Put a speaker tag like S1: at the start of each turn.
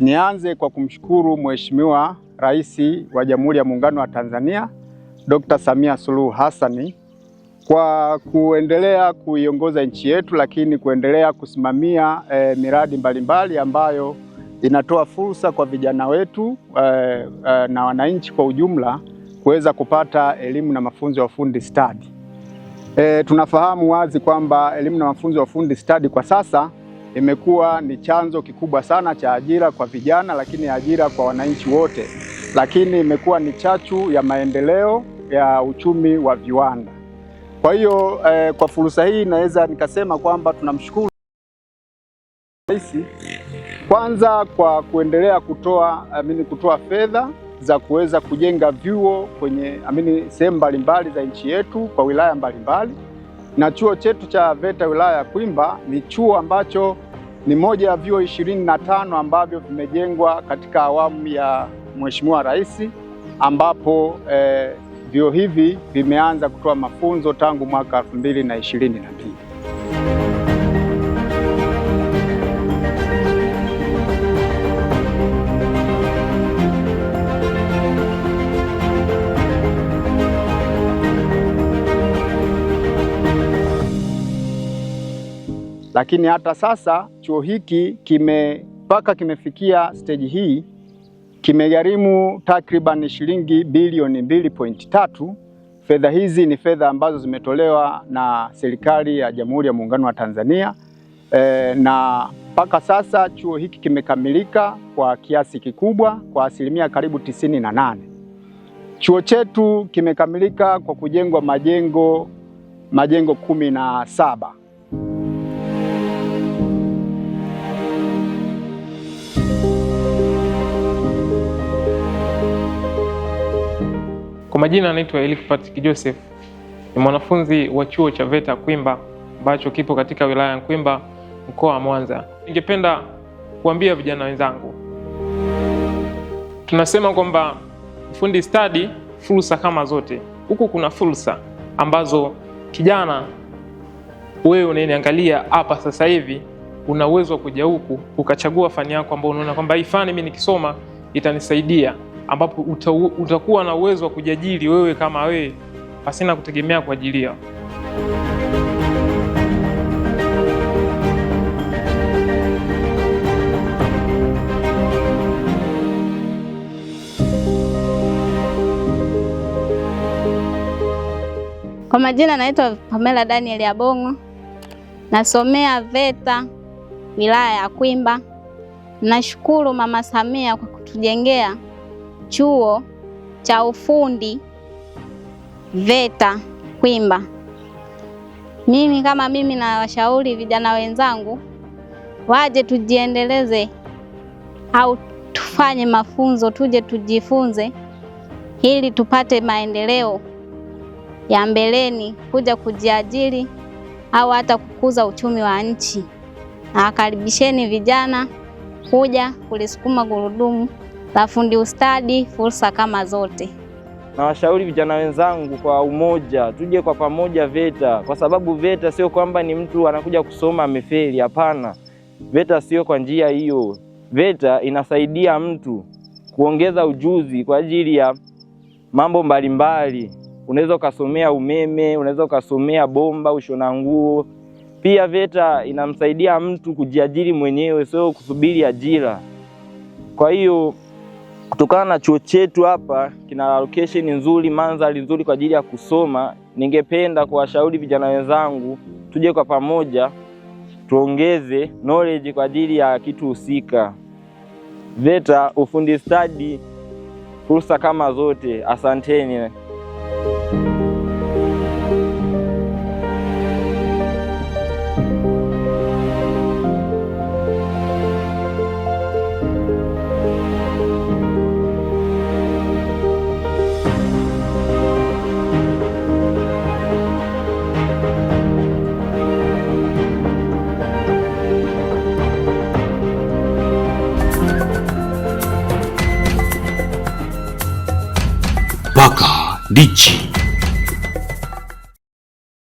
S1: Nianze kwa kumshukuru Mheshimiwa Rais wa Jamhuri ya Muungano wa Tanzania Dr. Samia Suluhu hasani kwa kuendelea kuiongoza nchi yetu, lakini kuendelea kusimamia e, miradi mbalimbali ambayo inatoa fursa kwa vijana wetu e, e, na wananchi kwa ujumla kuweza kupata elimu na mafunzo ya ufundi stadi. E, tunafahamu wazi kwamba elimu na mafunzo ya ufundi stadi kwa sasa imekuwa ni chanzo kikubwa sana cha ajira kwa vijana, lakini ajira kwa wananchi wote, lakini imekuwa ni chachu ya maendeleo ya uchumi wa viwanda. Kwa hiyo eh, kwa fursa hii naweza nikasema kwamba tunamshukuru Rais kwanza kwa kuendelea kutoa amini, kutoa fedha za kuweza kujenga vyuo kwenye amini sehemu mbalimbali za nchi yetu kwa wilaya mbalimbali mbali na chuo chetu cha VETA wilaya ya Kwimba ni chuo ambacho ni moja ya vyuo ishirini na tano ambavyo vimejengwa katika awamu ya Mheshimiwa Rais, ambapo eh, vyuo hivi vimeanza kutoa mafunzo tangu mwaka elfu mbili na ishirini na mbili. Lakini hata sasa chuo hiki kime mpaka kimefikia steji hii kimegharimu takriban shilingi bilioni mbili pointi tatu. Fedha hizi ni fedha ambazo zimetolewa na serikali ya Jamhuri ya Muungano wa Tanzania e, na mpaka sasa chuo hiki kimekamilika kwa kiasi kikubwa kwa asilimia karibu tisini na nane. Chuo chetu kimekamilika kwa kujengwa majengo majengo kumi na saba.
S2: majina anaitwa Erick Joseph, ni mwanafunzi wa chuo cha VETA Kwimba ambacho kipo katika wilaya ya Kwimba mkoa wa Mwanza. Ningependa kuambia vijana wenzangu, tunasema kwamba ufundi stadi fursa kama zote, huku kuna fursa ambazo kijana wewe unaniangalia hapa sasa hivi una uwezo wa kuja huku ukachagua fani yako ambayo unaona kwamba hii fani mimi nikisoma itanisaidia ambapo uta, utakuwa na uwezo wa kujiajiri wewe kama wewe pasina kutegemea kuajiliwa.
S3: Kwa majina naitwa Pamela Daniel Abongo, nasomea VETA wilaya ya Kwimba. Nashukuru Mama Samia kwa kutujengea chuo cha ufundi VETA Kwimba. Mimi kama mimi na washauri vijana wenzangu waje tujiendeleze au tufanye mafunzo, tuje tujifunze ili tupate maendeleo ya mbeleni, kuja kujiajiri au hata kukuza uchumi wa nchi. Nawakaribisheni vijana kuja kulisukuma gurudumu la fundi ustadi, fursa kama zote.
S4: Nawashauri vijana wenzangu kwa umoja, tuje kwa pamoja VETA, kwa sababu VETA sio kwamba ni mtu anakuja kusoma amefeli. Hapana, VETA sio kwa njia hiyo. VETA inasaidia mtu kuongeza ujuzi kwa ajili ya mambo mbalimbali. Unaweza ukasomea umeme, unaweza ukasomea bomba, ushona nguo. Pia VETA inamsaidia mtu kujiajiri mwenyewe, sio kusubiri ajira. Kwa hiyo Kutokana na chuo chetu hapa kina location nzuri, mandhari nzuri kwa ajili ya kusoma, ningependa kuwashauri vijana wenzangu tuje kwa pamoja tuongeze knowledge kwa ajili ya kitu husika. VETA ufundi stadi, fursa kama zote. Asanteni. ーカー、リッチ